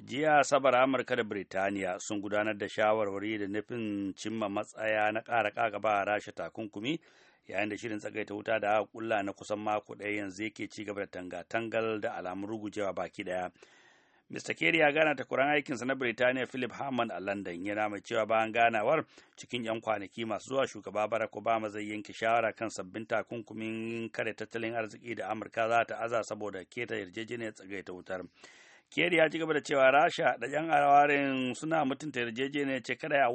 jiya sabar amurka da birtaniya sun gudanar da shawarwari da nufin cimma matsaya na ƙara kagaba a rasha takunkumi yayin da shirin tsagaita wuta da aka kulla na kusan mako ɗaya yanzu yake ci gaba da tangatangal da alamun rugujewa baki ɗaya Mr. Kerry ya gana ta kuran aikinsa na Birtaniya Philip Hammond a London yana mai cewa bayan ganawar cikin 'yan kwanaki masu zuwa shugaba Barack Obama zai yanke shawara kan sabbin takunkumin kare tattalin arziki da Amurka za ta aza saboda keta yarjejeniyar tsagaita wutar. wutar. keri ya ci gaba da cewa Rasha da 'yan arawarin suna mutunta yarjejeniyar ce kada a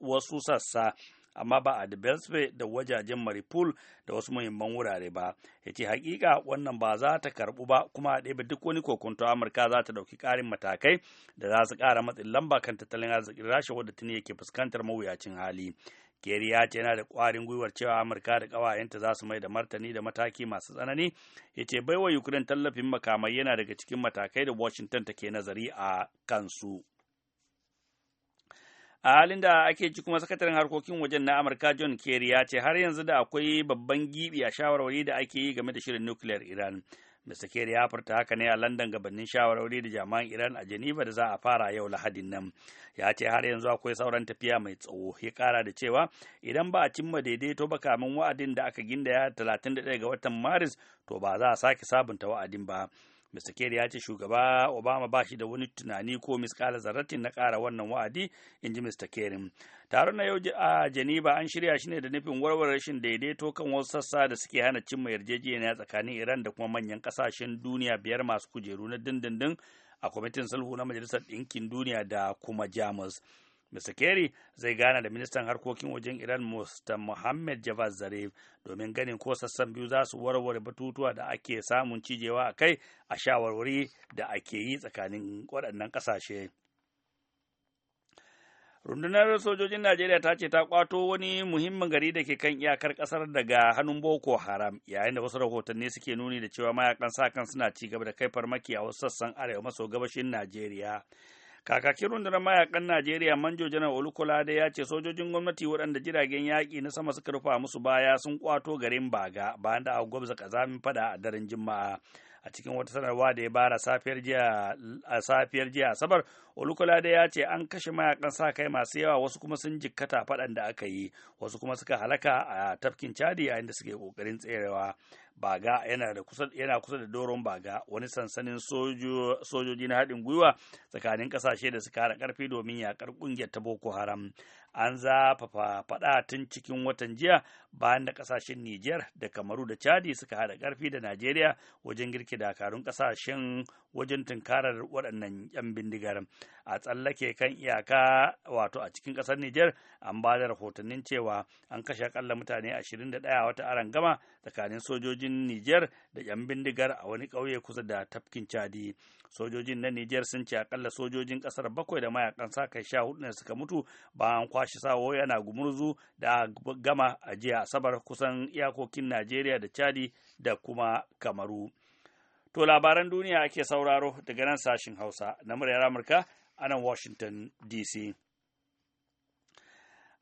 wasu sassa amma ba a Debelsve da wajajen Maripol da wasu muhimman wurare ba. Ya ce hakika wannan ba za ta karbu ba kuma a ɗebe duk wani kokonto Amurka za ta ɗauki ƙarin matakai da za su ƙara matsin lamba kan tattalin arzikin Rasha wadda tuni yake fuskantar mawuyacin hali. Kerry ya ce yana da ƙwarin gwiwar cewa Amurka da ƙawayenta za su mai da martani da mataki masu tsanani, ya ce baiwa Ukraine tallafin makamai yana daga cikin matakai da Washington take nazari a kansu. a halin da ake ci kuma sakataren harkokin wajen na amurka john kerry ya ce har yanzu da akwai babban gibi a shawarwari da ake yi game da shirin nukiliyar iran Mr. Kerry ya furta haka ne a London gabanin shawarwari da jami'an Iran a Geneva da za a fara yau Lahadin nan. Ya ce har yanzu akwai sauran tafiya mai tsawo. Ya kara da cewa idan ba a cimma daidaito ba kamin wa'adin da aka gindaya 31 ga watan Maris to ba za a sake sabunta wa'adin ba. Mr. Kerry ya ce shugaba Obama ba shi da wani tunani ko miskala zarratin na ƙara wannan wa'adi, in ji Mr. Kerry. Taron na yau a Geneva an shirya shi ne da nufin warware rashin daidaito kan wasu sassa da suke hana cimma yarjejeniya tsakanin Iran da kuma manyan ƙasashen duniya biyar masu kujeru na dindindin a kwamitin sulhu na Majalisar Ɗinkin Duniya da kuma Jamus. Mr. Kerry zai gana da ministan harkokin wajen Iran musta Mohammed Javad Zarif domin ganin ko sassan biyu za su warware batutuwa da ake samun cijewa a kai a shawarwari da ake yi tsakanin waɗannan ƙasashe. rundunar sojojin najeriya ta ce ta kwato wani muhimmin gari da ke kan iyakar kasar daga hannun boko haram yayin da wasu rahotanni suke nuni da cewa mayakan sa kan suna ci gaba da kai farmaki a wasu sassan arewa maso gabashin najeriya Kakakin rundunar mayakan Najeriya Manjo Janar Olukolade ya ce sojojin gwamnati waɗanda jiragen yaƙi na sama suka rufa musu baya sun kwato garin Baga bayan da aka gwabza kazamin fada a daren Juma'a. a cikin wata sanarwa da ya bara safiyar jiya a safiyar jiya asabar olukolade ya ce an kashe mayakan sa kai masu yawa wasu kuma sun jikkata faɗan da aka yi wasu kuma suka halaka a tafkin chadi yayin da suke kokarin tserewa baga yana kusa da doron baga wani sansanin sojoji na haɗin gwiwa tsakanin ƙasashe da suka hada ƙarfi domin yaƙar ƙungiyar ta Boko Haram an zafafa faɗa tun cikin watan jiya bayan da ƙasashen Nijar da Kamaru da Chadi suka hada ƙarfi da Najeriya wajen girki dakarun ƙasashen wajen tunkarar waɗannan 'yan bindigar. a tsallake kan iyaka wato a cikin ƙasar Nijar an ba da rahotannin cewa an kashe akalla mutane 21 a wata gama tsakanin sojojin Nijar da 'yan bindigar a wani ƙauye kusa da tafkin Chadi. Sojojin na Nijar sun ce akalla sojojin ƙasar bakwai da mayakan sa kai sha hudu ne suka mutu bayan kwashe sawo yana gumurzu da gama a jiya Asabar kusan iyakokin Najeriya da Chadi da kuma Kamaru. To labaran duniya ake sauraro daga nan sashin Hausa na muryar Amurka a nan Washington DC.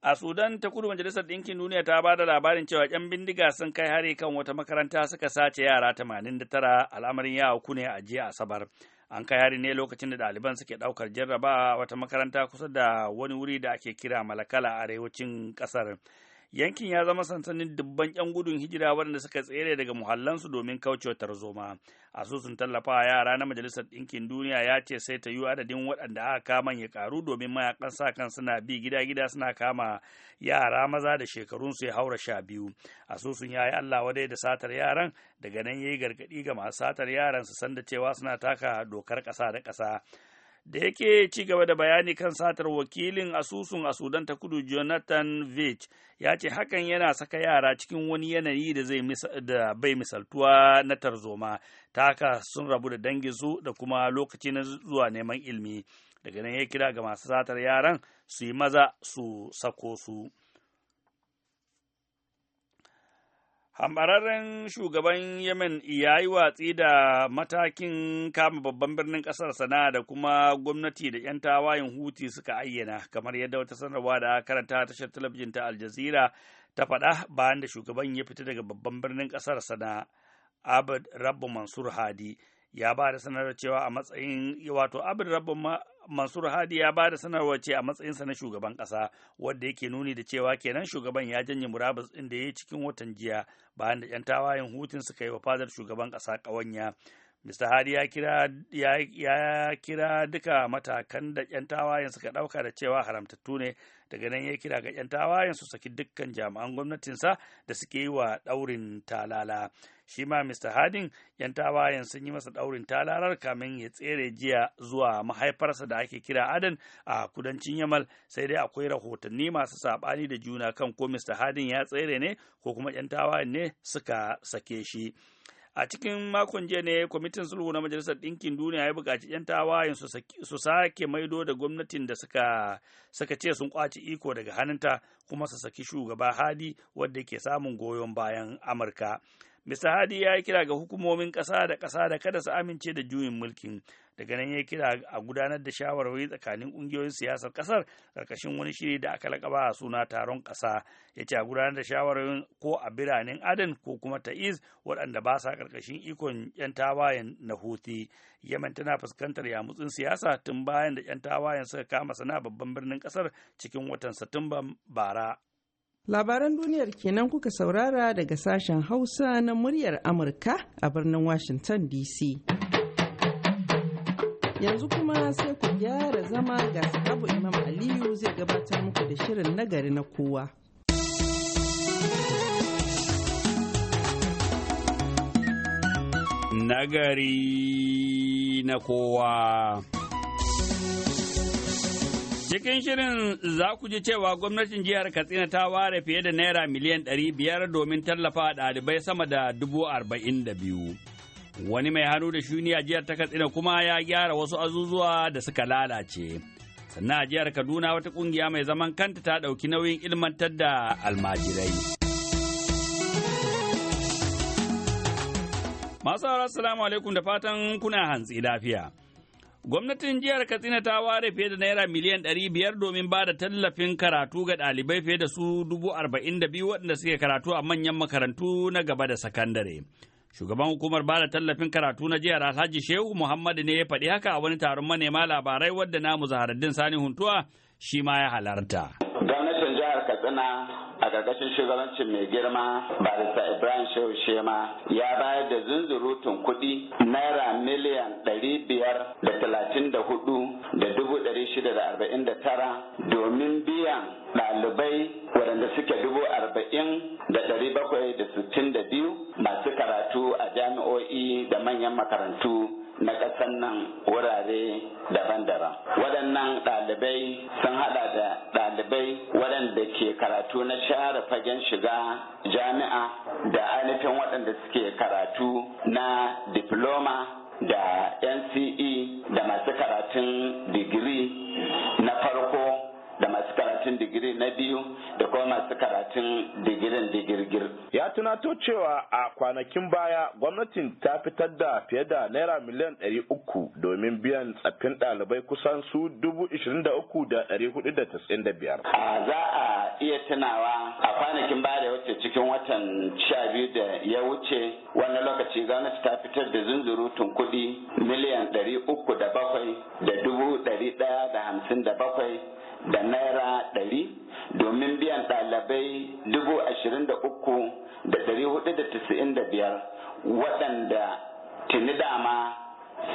A Sudan ta kudu Majalisar Ɗinkin Duniya ta ba da labarin cewa 'yan bindiga sun kai hari kan wata makaranta suka sace yara da tara al'amarin ya auku ne a jiya Asabar. An kai hari ne lokacin da ɗaliban suke ɗaukar jarrabawa wata makaranta kusa da wani wuri da ake kira Malakala a arewacin ƙasar. yankin ya zama sansanin dubban 'yan gudun hijira waɗanda suka tsere daga muhallansu domin kaucewa tarzoma asusun tallafawa yara na majalisar ɗinkin duniya ya ce sai ta yi adadin waɗanda aka kama ya karu domin mayakan sa kan suna bi gida-gida suna kama yara maza da shekarunsu ya haura sha biyu asusun ya yi allah wadai da satar yaran daga nan ya yi gargaɗi ga masu satar yaran su san cewa suna taka dokar ƙasa da ƙasa da yake ci gaba da bayani kan satar wakilin asusun a sudan ta kudu jonathan vich ya ce hakan yana saka yara cikin wani yanayi da zai bai misaltuwa na tarzoma ta haka sun rabu da danginsu da kuma lokaci na zuwa neman ilimi daga nan ya kira ga masu satar yaran su yi maza su sako su. hambararren shugaban yemen ya yi watsi da matakin kama babban birnin kasar sana'a da kuma gwamnati da 'yan tawayen huti suka ayyana kamar yadda wata sanarwa da karanta tashar talabijin ta aljazira ta faɗa bayan da shugaban ya fita daga babban birnin kasar sana'a abd rabu mansur hadi ya ba da sanarwar cewa a matsayin wato abin rabin Mansur Hadi ya ba da sanarwar ce a matsayinsa na shugaban ƙasa wadda yake nuni da cewa kenan shugaban ya janye murabus ɗin da ya yi cikin watan jiya bayan da 'yan tawayen hutun suka yi wa fadar shugaban ƙasa ƙawanya. Mr. Hadi ya kira, ya, kira duka matakan da 'yan tawayen suka ɗauka da cewa haramtattu ne daga nan ya kira ga 'yan tawayen su saki dukkan jami'an gwamnatinsa da suke yi wa ɗaurin talala. Shi ma Mr. Hadin 'yan tawayen sun yi masa ɗaurin talalar kamin ya tsere jiya zuwa mahaifarsa da ake kira Adan a kudancin Yamal sai dai akwai rahotanni masu saɓani da juna kan ko Mr. hadi ya tsere ne ko kuma 'yan tawayen ne suka sake shi. a cikin makon jiya ne kwamitin sulhu na majalisar ɗinkin duniya ya buƙaci 'yan tawayen su sake maido da gwamnatin da suka suka ce sun kwaci iko daga hannunta kuma su saki shugaba hadi wadda ke samun goyon bayan amurka Mr. Hadi ya yi kira ga hukumomin ƙasa da ƙasa da kada su amince da juyin mulkin daga nan ya kira a gudanar da shawarwari tsakanin kungiyoyin siyasar kasar karkashin wani shiri da aka lakaba a suna taron kasa ya ce a gudanar da shawarwarin ko a biranen adan ko kuma ta'iz waɗanda ba sa karkashin ikon yan tawayen na huti yaman tana fuskantar yamutsin siyasa tun bayan da yan tawayen suka kama sana babban birnin kasar cikin watan satumba bara Labaran duniyar kenan kuka saurara daga sashen Hausa na muryar Amurka a birnin Washington DC. Yanzu kuma sai ku gyara zama ga sahabu Imam Aliyu zai gabatar muku da shirin nagari na kowa. Nagari na kowa. Cikin shirin za ku ji cewa gwamnatin jihar Katsina ta ware fiye da naira miliyan 500 domin tallafa ɗalibai sama da dubu arba'in da biyu. wani mai hannu da shuni a jihar ta katsina kuma ya gyara wasu azuzuwa da suka lalace sannan a jihar kaduna wata kungiya mai zaman kanta ta ɗauki nauyin ilmantar da almajirai masu haura salamu alaikum da fatan kuna hantsi lafiya Gwamnatin jihar Katsina ta ware fiye da naira miliyan ɗari biyar domin ba da tallafin karatu ga ɗalibai fiye da su dubu arba'in da biyu waɗanda suke karatu a manyan makarantu na gaba da sakandare. Shugaban hukumar bada tallafin karatu na jihar Alhaji Shehu Muhammadu ne ya faɗi haka a wani taron manema labarai wadda namu Zaharaddin Sani Huntuwa shi ma ya halarta. Gwamnatin jihar Katsina a ƙarƙashin shugabancin mai girma barista ibrahim shehu shema ya bayar da zunzurutun kuɗi naira miliyan ɗari biyar da talatin da hudu da dubu ɗari shida da arba'in da tara domin biyan ɗalibai waɗanda suke dubu arba'in da ɗari bakwai da sittin da biyu masu karatu a jami'o'i da manyan makarantu na ƙasar nan wurare daban-daban. Waɗannan ɗalibai sun haɗa da ɗalibai waɗanda ke karatu na sha share fagen shiga jami'a da ainihin waɗanda suke karatu na diploma da nce da masu karatun digiri na farko da masu karatun digiri na biyu da kuma masu karatun digirin digirgir. Ya tunato cewa a kwanakin baya gwamnatin ta fitar da fiye da naira miliyan ɗari uku domin biyan tsaffin ɗalibai kusan su dubu ishirin da uku da ɗari hudu da da biyar. Za a iya tunawa a kwanakin baya da wuce cikin watan sha biyu da ya wuce wani lokaci gwamnati ta fitar da zunzurutun kuɗi miliyan ɗari uku da bakwai da dubu ɗari ɗaya da hamsin da bakwai da naira ɗari domin biyan ɗalibai dubu ashirin da uku da ɗari hudu da tisa'in da biyar waɗanda tuni dama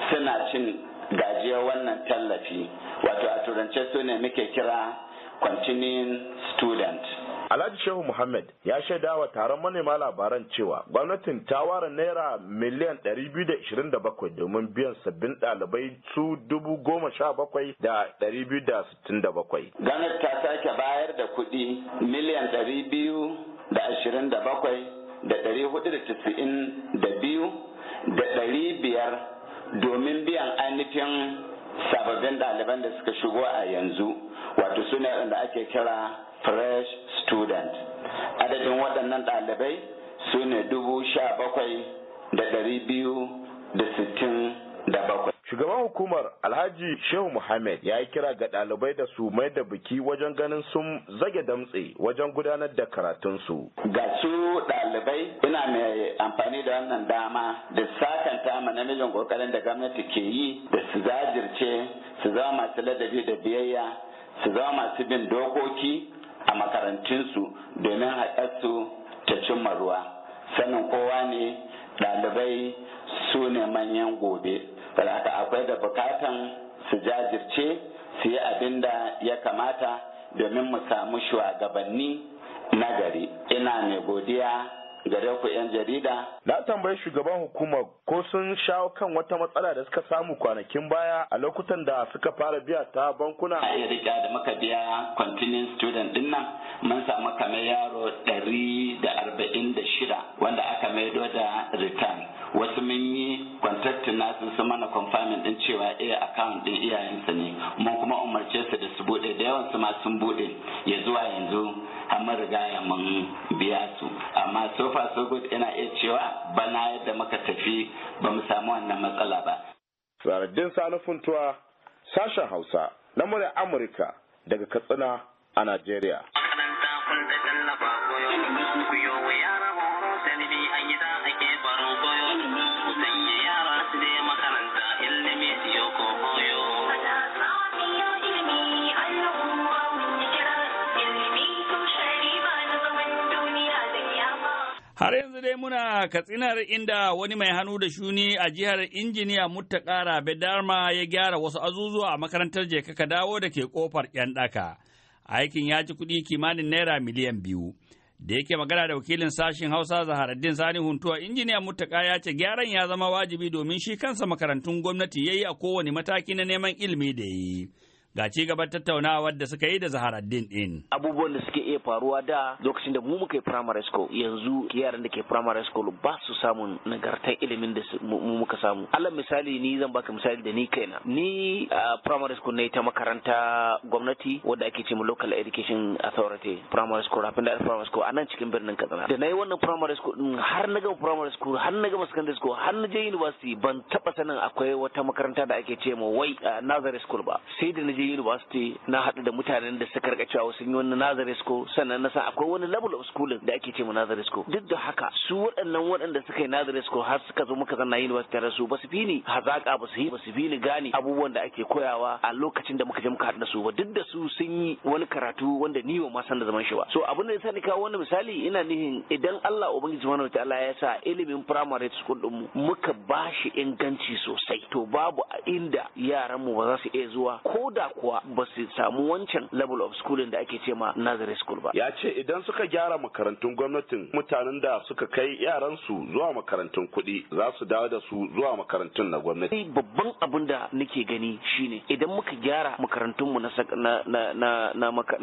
suna cin gajiyar wannan tallafi wato a turance su ne muke kira continuing student Alhaji Shehu Muhammad ya shaida wa taron manema labaran cewa gwamnatin ta ware naira miliyan 227 domin biyan sabbin ɗalibai su dubu goma sha bakwai da ɗari biyu da sittin da bakwai. Ganar ta sake bayar da kuɗi miliyan ɗari biyu da ashirin da bakwai da ɗari hudu da tisa'in da biyu da ɗari biyar domin biyan ainihin sababbin ɗaliban da suka shigo a yanzu wato suna da ake kira fresh student adadin waɗannan ɗalibai su ne dubu sha bakwai da ɗari biyu da sittin da bakwai Shugaban hukumar Alhaji Shehu Muhammad ya yi kira ga ɗalibai da su mai da biki wajen ganin sun zage damtse wajen gudanar da karatunsu. Ga su ɗalibai ina mai amfani da wannan dama da sakanta ma namijin ƙoƙarin da gwamnati ke yi da su zajirce su zama masu ladabi da biyayya su zama masu bin dokoki a makarantunsu domin haƙarsu ta cimma ruwa sanin kowa ne ɗalibai su ne manyan gobe haka akwai da bukatan su jajirce su yi abin da ya kamata domin mu samu shugabanni nagari ina mai godiya gare ku 'yan jarida. Na tambayi shugaban hukumar ko sun shawo kan wata matsala da suka samu kwanakin baya a lokutan da suka fara biya ta bankuna. A riga da muka biya continuing student din nan mun samu kamar yaro ɗari da arba'in da shida wanda aka maido da return. Wasu mun yi contract nasu su mana confirming din cewa iya eh, account din iyayensa ne. Mun kuma umarce su da su buɗe, da yawan su ma sun buɗe. ya zuwa yanzu har mun riga mun biya su. Amma so so so good yana iya cewa bana yadda muka tafi ba mu samu wannan matsala ba. Saraddin Sanufin Tuwa, sashen Hausa na murya Amurka daga Katsina a Najeriya. muna katsinar inda wani mai hannu da shuni a jihar injiniya Muttaka Rabe Darma ya gyara wasu azuzuwa a makarantar kaka Dawo da ke kofar ‘yan ɗaka. Aikin ya ci kuɗi kimanin naira miliyan biyu. Da yake magana da wakilin sashen Hausa Zaharaddin Sani Huntuwa injiniya Muttaka ya ce gyaran ya zama wajibi domin shi kansa makarantun gwamnati ya yi a kowane mataki na neman ilimi da yi. ga ci gaban tattaunawar da suka yi da zaharaddin din abubuwan da suke iya faruwa da lokacin da mu muka yi primary school yanzu yaran da ke primary school ba su samun nagartar ilimin da mu muka samu alal misali ni zan baka misali da ni kaina ni a primary school ne ta makaranta gwamnati wadda ake ce local education authority primary school rafin da primary school a nan cikin birnin katsina da na yi wannan primary school din har na gama primary school har na gama secondary school har na je university ban taba sanin akwai wata makaranta da ake ce ma wai nazari school ba sai da je university na haɗu da mutanen da suka rika cewa sun yi wani nazare school sannan na san akwai wani level of schooling da ake ce mu nazare school duk da haka su waɗannan waɗanda suka yi nazare school har suka zo muka zanna university tare su ba su fi ni hazaka ba su yi ba su fi ni gane abubuwan da ake koyawa a lokacin da muka je muka haɗu da su ba duk da su sun yi wani karatu wanda ni ba ma san da zaman shi ba so abin da yasa ni kawo wani misali ina nihin idan Allah ubangiji subhanahu ta'ala ya sa ilimin primary school din mu muka bashi inganci sosai to babu inda yaran mu ba za su iya zuwa ko da kuwa ba su samu wancan level of schooling da ake ce ma nursery school ba ya ce idan suka gyara makarantun gwamnatin mutanen da suka kai yaransu zuwa makarantun kuɗi za su dawo da su zuwa makarantun na gwamnati babban abin da nake gani shine idan muka gyara makarantunmu na na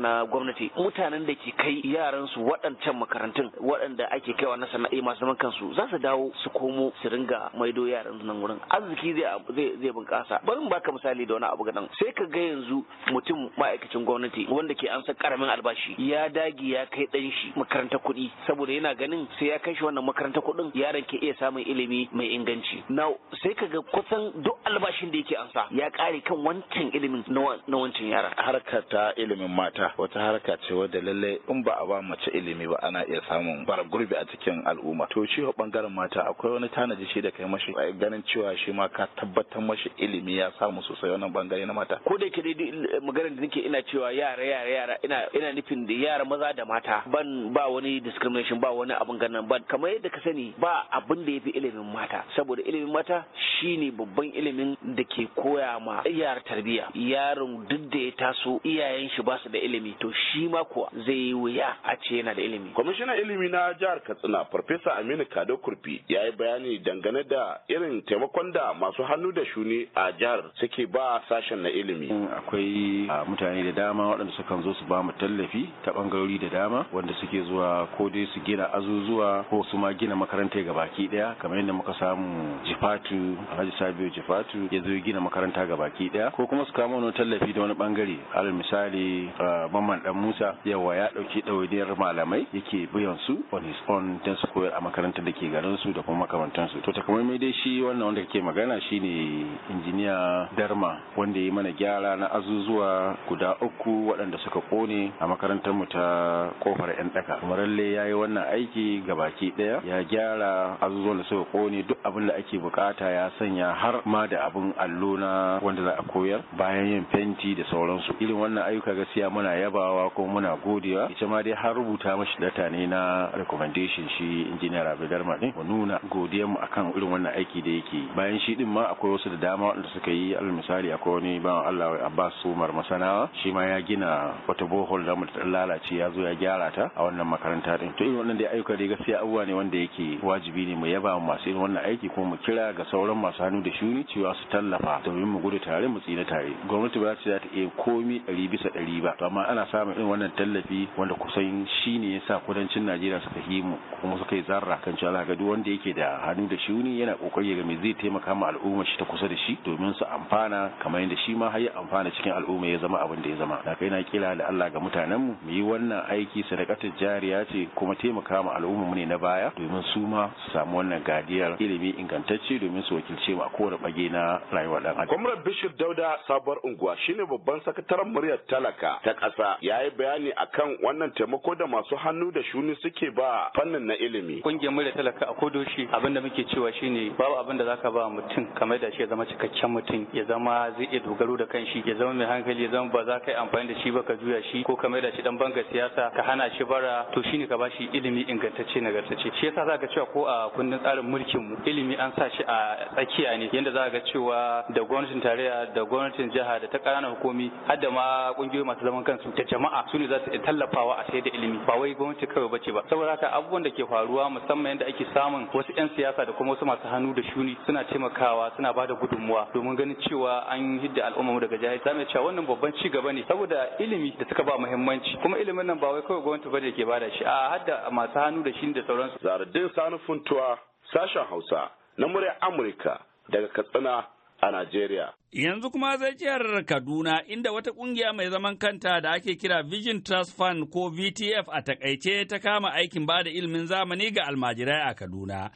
na gwamnati mutanen da ke kai yaransu waɗancan makarantun waɗanda ake kaiwa na sana'i masu zaman kansu za su dawo su komo su ringa maido yaran nan wurin arziki zai zai bunƙasa bari baka misali da wani abu nan sai ka ga yanzu mutum ma'aikacin gwamnati wanda ke ansa karamin albashi ya dagi ya kai dan shi makarantar kuɗi saboda yana ganin sai ya kai shi wannan makaranta kuɗin Yaran ke iya samun ilimi mai inganci na sai ga kusan duk albashin da yake ansa ya kare kan wancan ilimin na wancan yara. harka ta ilimin mata wata harka ce wadda lallai in ba a ba mace ilimi ba ana iya samun bara gurbi a cikin al'umma to shi bangaren mata akwai wani tanaji shi da kai mashi ganin cewa shi ma ka tabbatar mashi ilimi ya samu sosai wannan bangare na mata ko da yake dai maganar da nake ina cewa yara yara yara ina ina nufin da yara maza da mata ban ba wani discrimination ba wani abin ganin ban kamar yadda ka sani ba abin da yafi ilimin mata saboda ilimin mata shine babban ilimin da ke koya ma yara tarbiyya yaron duk da ya taso iyayen shi ba su da ilimi to shi ma kuwa zai yi wuya a ce yana da ilimi kwamishinan ilimi na jihar katsina farfesa aminu kado kurfi ya yi bayani dangane da irin taimakon da masu hannu da shuni a jihar suke ba sashen na ilimi akwai mutane da dama waɗanda sukan zo su ba mu tallafi ta ɓangarori da dama wanda suke zuwa ko dai su gina azuzuwa ko su ma gina makarantar baki ɗaya kamar yadda muka samu jifatu alhaji jifatu ya zo gina makaranta ga baki ɗaya ko kuma su kama wani tallafi da wani ɓangare alal misali mamman dan musa yawa ya ɗauki ɗawainiyar malamai yake biyan su on his own don su koyar a makarantar da ke garin su da kuma su to takamaimai dai shi wannan wanda kake magana shine injiniya darma wanda ya yi mana gyara na na azuzuwa guda uku waɗanda suka ƙone a makarantar mu ta kofar yan daka maralle ya yi wannan aiki gabaki ɗaya ya gyara azuzuwan da suka kone duk abin da ake bukata ya sanya har ma da abin allo na wanda za a koyar bayan yin fenti da sauransu irin wannan ayyuka gaskiya muna yabawa ko muna godewa ita ma dai har rubuta mashi data ne na recommendation shi injiniyar abidarma din mu nuna godiyar mu akan irin wannan aiki da yake bayan shi din ma akwai wasu da dama wanda suka yi alal misali akwai wani bawan Allah abbas Umar masanawa shi ma ya gina wata bohol da mu lalace ya zo ya gyara ta a wannan makaranta din to irin wannan dai ayyuka dai gaskiya abubuwa ne wanda yake wajibi ne mu yaba masu irin wannan aiki kuma mu kira ga sauran masu hannu da shuni cewa su tallafa domin mu gudu tare mu tsina tare gwamnati ba za ta iya komi ɗari bisa ɗari ba to amma ana samun irin wannan tallafi wanda kusan shi ne ya sa kudancin najeriya suka yi mu kuma suka yi zarra kan cewa ga duk wanda yake da hannu da shuni yana kokari ga mai zai taimaka ma al'ummar shi ta kusa da shi domin su amfana kamar yadda shi ma har ya amfana mana cikin al'umma ya zama abin da ya zama da kai na kila da Allah ga mutanen mu mu yi wannan aiki sadakatar jariya ce kuma taimaka ma al'umma mu ne na baya domin su ma su samu wannan gadiyar ilimi ingantacce domin su wakilce mu a kowane bage na rayuwar dan adam Comrade Bishir Dauda sabuwar unguwa shine babban sakataren muryar talaka ta ƙasa yayi bayani akan wannan taimako da masu hannu da shuni suke ba fannin na ilimi kungiyar muryar talaka a kodoshi abin da muke cewa shine babu abin da zaka ba mutum kamar da shi ya zama cikakken mutum ya zama zai iya dogaro da kanshi ya zama mai hankali ya zama ba za ka yi amfani da shi ba ka juya shi ko ka maida shi dan banga siyasa ka hana shi bara to shi ne ka bashi ilimi ingantacce nagartacce shi yasa zaka cewa ko a kundin tsarin mulkin mu ilimi an sa shi a tsakiya ne yanda za ga cewa da gwamnatin tarayya da gwamnatin jiha da ta ƙananan hukumi har da ma ƙungiyoyi masu zaman kansu da jama'a su ne za su tallafawa a sai da ilimi ba wai gwamnati kawai ba ce ba saboda haka abubuwan da ke faruwa musamman yadda ake samun wasu 'yan siyasa da kuma wasu masu hannu da shuni suna taimakawa suna bada gudunmuwa domin ganin cewa an hidda al'umma daga jihar malamai zamu cewa wannan babban ci gaba ne saboda ilimi da suka ba muhimmanci kuma ilimin nan ba wai kawai gwamnati bane ke bada shi a hadda masu hannu da shi da sauransu zaradin sani funtuwa sashen Hausa na murya Amurka daga Katsina a Najeriya yanzu kuma zai jihar Kaduna inda wata kungiya mai zaman kanta da ake kira Vision Trust Fund ko VTF a takaice ta kama aikin bada ilimin zamani ga almajirai a Kaduna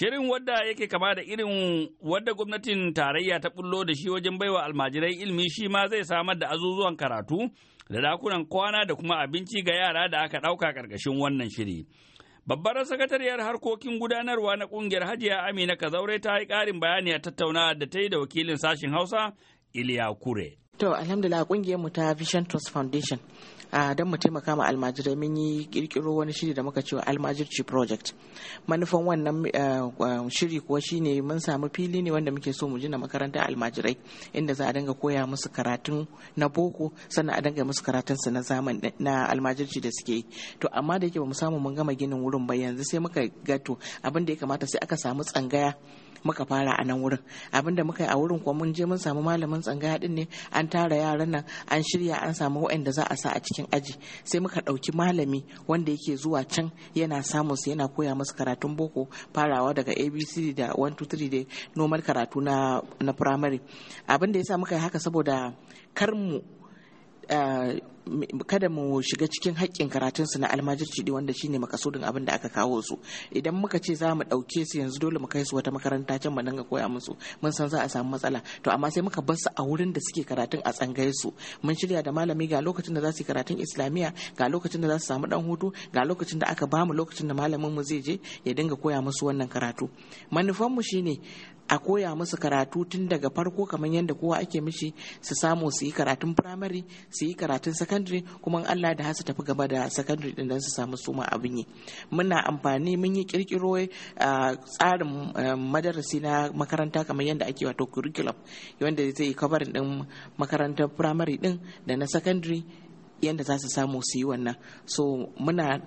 Shirin wadda yake kama da irin wadda gwamnatin tarayya ta bullo da shi wajen baiwa almajirai ilimi shi ma zai samar da azuzuwan karatu da dakunan kwana da kuma abinci ga yara da aka ɗauka ƙarƙashin wannan shiri. Babbar sakatariyar harkokin gudanarwa na ƙungiyar Hajiya Amina Kazaure ta yi ƙarin bayani a tattaunawa da ta yi da wakilin sashen Hausa Iliya Kure. To alhamdulillah kungiyar mu ta Vision Trust Foundation a don mu taimaka ma almajirai mun yi kirkiro wani shiri da muka cewa almajirci project manufan wannan eh, shiri kuwa shine mun samu fili ne wanda muke so mu na makarantar almajirai inda za a dinga koya musu karatun na boko sannan a dinga musu karatun su na zamani na almajirci da suke yi to amma da yake ba mu samu mun gama ginin wurin ba yanzu sai muka gato abin da ya kamata sai aka samu tsangaya muka fara a nan wurin abinda muka yi a wurin kuwa mun je mun samu malamin tsangaya din ne an tara yaran nan an shirya an samu waɗanda za a sa a cikin aji sai muka ɗauki malami wanda yake zuwa can yana samun su yana koya musu karatun boko farawa daga abc da 123 da normal karatu na na primary abin da sa muka yi haka saboda kar mu eh, kada mu shiga cikin haƙƙin karatun su na almajirci ɗi wanda shine makasudin abin da aka kawo su idan muka ce za mu ɗauke su yanzu dole mu kai su wata makaranta can mu dinga koya musu mun san za a samu matsala to amma sai muka bar su a wurin da suke karatun a tsangai su mun shirya da malami ga lokacin da za su yi karatun islamiyya ga lokacin da za su samu dan hutu ga lokacin da aka bamu lokacin da malamin mu zai je ya dinga koya musu wannan karatu manufan mu shine a koya musu karatu tun daga farko kamar yadda kowa ake mishi su samu su yi karatun firamare su yi karatun sakandare kuma Allah da hasu tafi gaba da sakandare din don su samu suma abin yi muna amfani mun yi kirkiro tsarin madarasi na makaranta kamar yadda ake wato curriculum wanda zai yi kabarin din makarantar firamare din da na sakandare yadda za su samu su yi wannan so muna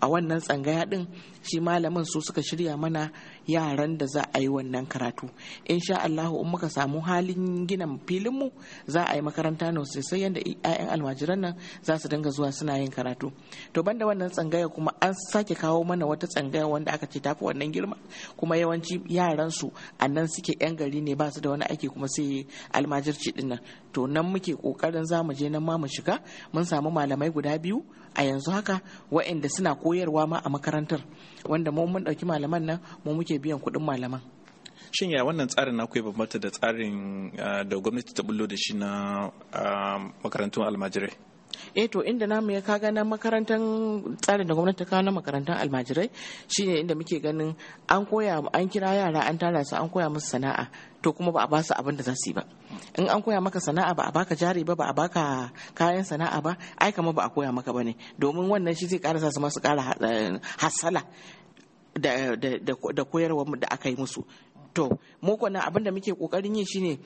a wannan tsangaya din shi malamin su suka shirya mana yaran da za a yi wannan karatu insha Allahu in muka samu halin gina filin mu za a yi makaranta nan sosai yadda 'ya'yan almajiran nan za su dinga zuwa suna yin karatu to banda wannan tsangaya kuma an sake kawo mana wata tsangaya wanda aka ce tafi wannan girma kuma yawanci yaran su a nan suke 'yan gari ne ba su da wani aiki kuma sai almajirci dinnan to nan muke kokarin za mu je nan ma mu shiga mun samu malamai guda biyu a yanzu haka waɗanda suna koyarwa ma a makarantar wanda mu mun ɗauki malaman nan mu muke biyan kuɗin malaman shin ya wannan tsarin na kuwa bambanta da tsarin eh, da gwamnati ta bullo da shi na ah, makarantun almajirai eh to inda namu ya kaga na makarantar tsarin da gwamnati kawo na makarantar almajirai shine inda muke ganin an koya an kira yara an tara su an koya musu sana'a to kuma ba a ba su abin da za su yi ba in an koya maka sana'a ba a baka jari ba ba a baka kayan sana'a ba ai kama ba a koya maka bane domin wannan shi zai sa su masu kara eh, hasala da koyarwa da aka yi musu to mu abin da muke kokarin yi shine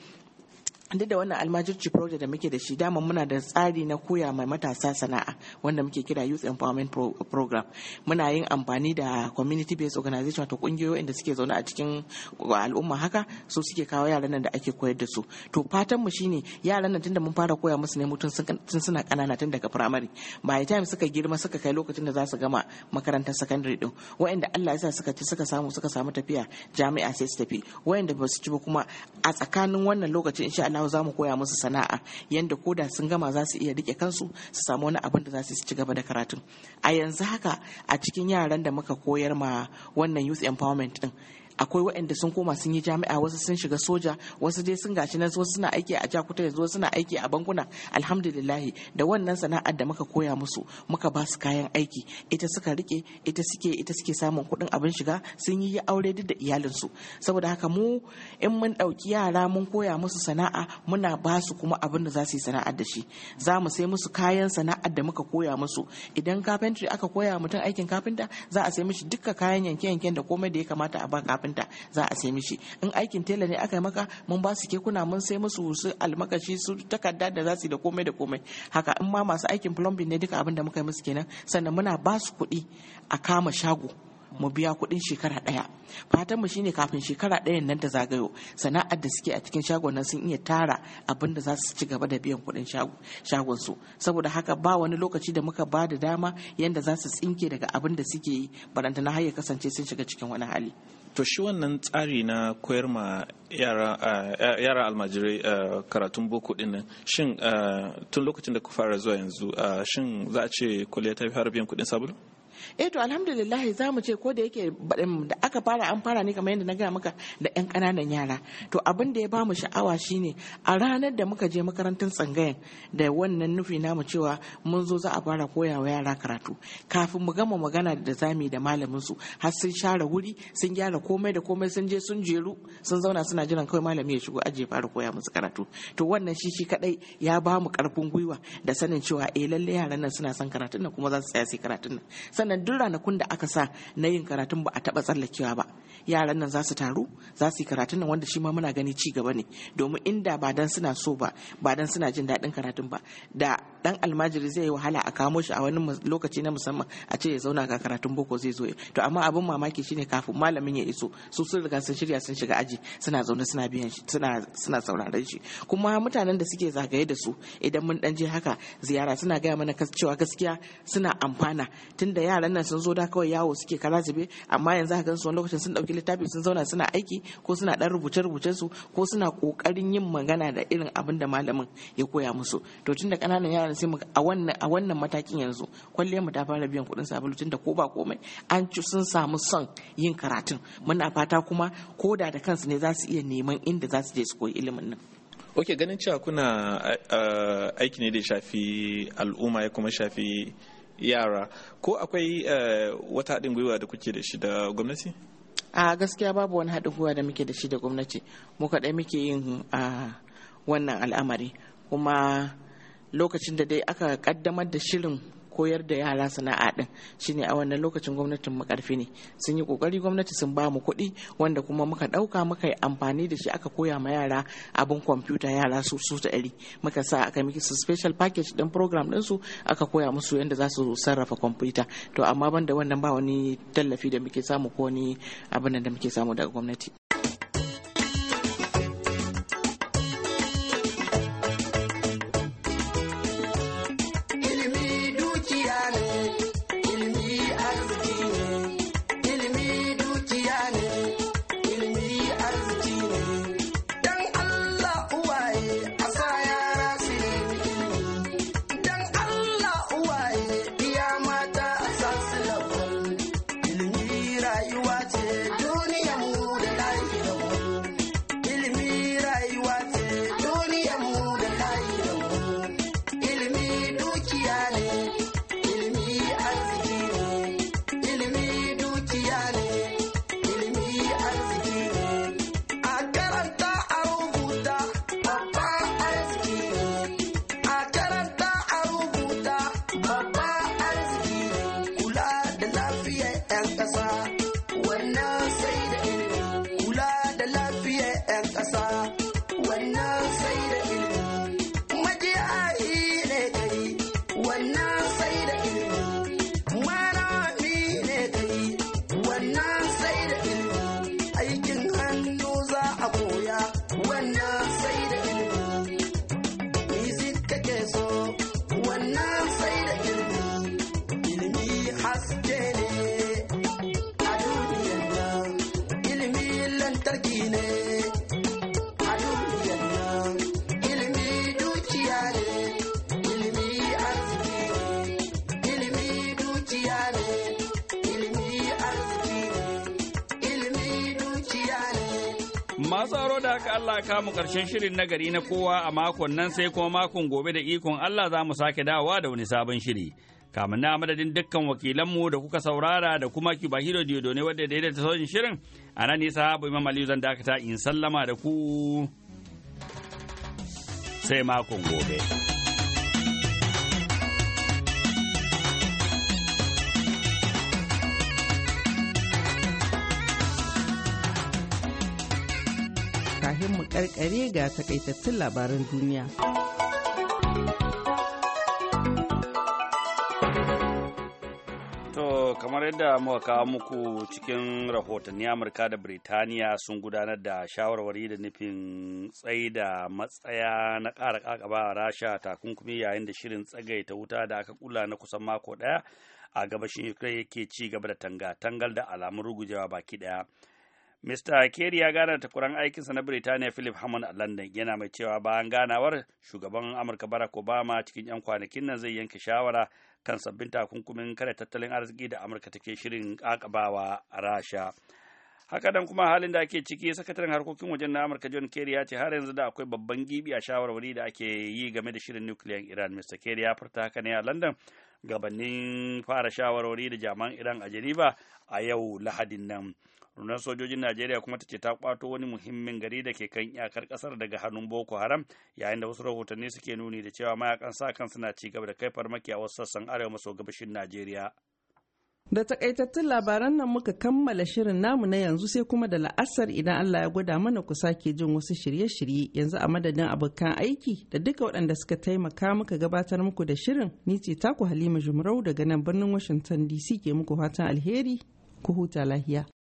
duk da wannan almajirci project da muke da shi dama muna da tsari na koya mai matasa sana'a wanda muke kira youth empowerment program muna yin amfani da community based organization wato kungiyoyin da suke zaune a cikin al'umma haka su suke kawo yaran nan da ake koyar da su to fatan mu shine yaran nan tunda mun fara koya musu ne mutum tun suna kanana tun daga primary by time suka girma suka kai lokacin da za su gama makarantar secondary din waɗanda Allah ya sa suka ci suka samu suka samu tafiya jami'a sai su tafi waɗanda ba su ci ba kuma a tsakanin wannan lokacin insha Allah nawa za mu koya musu sana'a yadda ko da sun gama za su iya rike kansu su samu wani abin da za su ci gaba da karatu a yanzu haka a cikin yaran da muka koyar ma wannan youth empowerment din akwai waɗanda sun koma sun yi jami'a wasu sun shiga soja wasu dai sun gashi nan wasu suna aiki a jakuta yanzu wasu suna aiki a bankuna alhamdulillah da wannan sana'ar da muka koya musu muka ba su kayan aiki ita suka rike ita suke ita suke samun kuɗin abin shiga sun yi aure duk da iyalinsu saboda haka mu in mun ɗauki yara mun koya musu sana'a muna ba su kuma abin da za su yi sana'ar da shi za mu sai musu kayan sana'ar da muka koya musu idan kafintri aka koya mutum aikin kafinta za a sai mishi dukka kayan yanke-yanken da komai da ya kamata a ba kafin kafinta za a sai mishi in aikin tela ne aka yi maka mun ba su kekuna mun sai musu su almakashi su takarda da za su yi da komai da komai haka in ma masu aikin plumbing ne duka abin da muka yi musu kenan sannan muna ba su kuɗi a kama shago mu biya kuɗin shekara ɗaya fatan mu shine kafin shekara ɗayan nan ta zagayo sana'ar da suke a cikin shagon nan sun iya tara abin da za su ci gaba da biyan kuɗin shagon su saboda haka ba wani lokaci da muka ba da dama yanda za su tsinke daga abin da suke yi barantana har ya kasance sun shiga cikin wani hali to shi wannan tsari na koyar ma yara eh, eh, almajirai eh, karatun boko din nan shin tun lokacin da ku fara zuwa yanzu shin za a ce kwalliya ta fi biyan kuɗin sabulu eh to alhamdulillah za mu ce ko da yake da aka fara an fara ne kamar yadda na gaya maka da yan ƙananan yara to abin da ya ba mu sha'awa shine a ranar da muka je makarantar tsangayen da wannan nufi mu cewa mun zo za a fara koya wa yara karatu kafin mu gama magana da zami da malamin su har sun share wuri sun gyara komai da komai sun je sun jeru sun zauna suna jiran kawai malami ya shigo aji fara koya musu karatu to wannan shi shi kadai ya mu karfin gwiwa da sanin cewa eh lalle yaran nan suna son karatun nan kuma za su tsaya su karatun nan sannan duk ranakun da aka sa na yin karatun ba a taɓa tsallakewa ba yaran nan za su taru za su yi karatun nan wanda shi ma muna gani ci gaba ne domin inda ba dan suna so ba ba dan suna jin daɗin karatun ba da dan almajiri zai yi wahala a kamo shi a wani lokaci na musamman a ce ya zauna ga karatun boko zai zo to amma abin mamaki shine kafin malamin ya iso su sun riga sun shirya sun shiga aji suna zaune suna biyan shi suna suna sauraron shi kuma mutanen da suke zagaye da su idan mun dan je haka ziyara suna gaya mana cewa gaskiya suna amfana tunda yaran nan sun zo da kawai yawo suke kala zube amma yanzu haka su wani lokacin sun dauki littafi sun zauna suna aiki ko suna dan rubuce rubuce su ko suna kokarin yin magana da irin abin da malamin ya koya musu to tunda kananan yara wani sai a wannan a wannan matakin yanzu kwalliyar mu ta fara biyan kuɗin sabulu tun da ko ba komai an ci sun samu son yin karatun muna fata kuma ko da da kansu ne za su iya neman inda za su je su koyi ilimin nan ok ganin cewa kuna aiki ne da shafi al'umma ya kuma shafi yara ko akwai wata haɗin gwiwa da kuke da shi da gwamnati a gaskiya babu wani haɗin gwiwa da muke da shi da gwamnati mu kaɗai muke yin wannan al'amari kuma lokacin da dai aka kaddamar da shirin koyar da yara sana'a din shine a wannan lokacin gwamnatin mu karfi ne sun yi kokari gwamnati sun ba mu kuɗi wanda kuma muka ɗauka muka yi amfani da shi aka koya ma yara abin kwamfuta yara su su ta ɗari muka sa aka miki su special package din program ɗinsu aka koya musu yadda za su sarrafa kwamfuta to amma ban wannan ba wani tallafi da muke samu ko wani abin da muke samu daga gwamnati sauro da haka Allah kamu karshen shirin na gari na kowa a makon nan sai kuma makon gobe da ikon Allah za mu sake dawowa da wani sabon shiri. Kamun na madadin dukkan wakilanmu da kuka saurara da kuma Kibahiro Diodo ne wadda ya daidaita sauyin shirin a nan nisa Abu Imam Aliyu zan dakata in sallama da ku sai makon gobe. karkare ga takaitattun labaran duniya. kamar yadda muka kawo muku cikin rahotanni Amurka da Birtaniya sun gudanar da shawarwari da nufin tsaida da matsaya na ƙara ƙaƙaba a rasha takunkumi yayin da shirin tsagaita wuta da aka kula na kusan mako ɗaya a gabashin Ukraine yake ci gaba da tanga-tangal da alamun rugujewa baki ɗaya. Mr. Kerry ya gane gana kuran aikinsa na Birtaniya Philip Hammond a London yana mai cewa bayan ganawar shugaban Amurka Barack Obama cikin 'yan kwanakin nan zai yanke shawara kan sabbin takunkumin kare tattalin arziki da Amurka take shirin kakabawa a Rasha. haka dan kuma halin da ake ciki sakataren harkokin wajen na amurka john kerry ya ce har yanzu da akwai babban gibi a shawarwari da ake yi game da shirin nukiliyan iran mr kerry ya furta haka ne a london gabanin fara shawarwari da jaman iran a geneva a yau lahadin nan rundunar sojojin najeriya kuma ta ce ta kwato wani muhimmin gari da ke kan iyakar kasar daga hannun boko haram yayin da wasu rahotanni suke nuni da cewa mayakan sa kan suna ci gaba da kai farmaki a wasu sassan arewa maso gabashin najeriya da takaitattun labaran nan muka kammala shirin namu na yanzu sai kuma da la'asar idan allah ya gwada mana ku sake jin wasu shirye-shirye yanzu a madadin abokan aiki da duka waɗanda suka taimaka muka gabatar muku da shirin ni ce taku halima jumrau daga nan birnin washington dc ke muku fatan alheri ku huta lahiya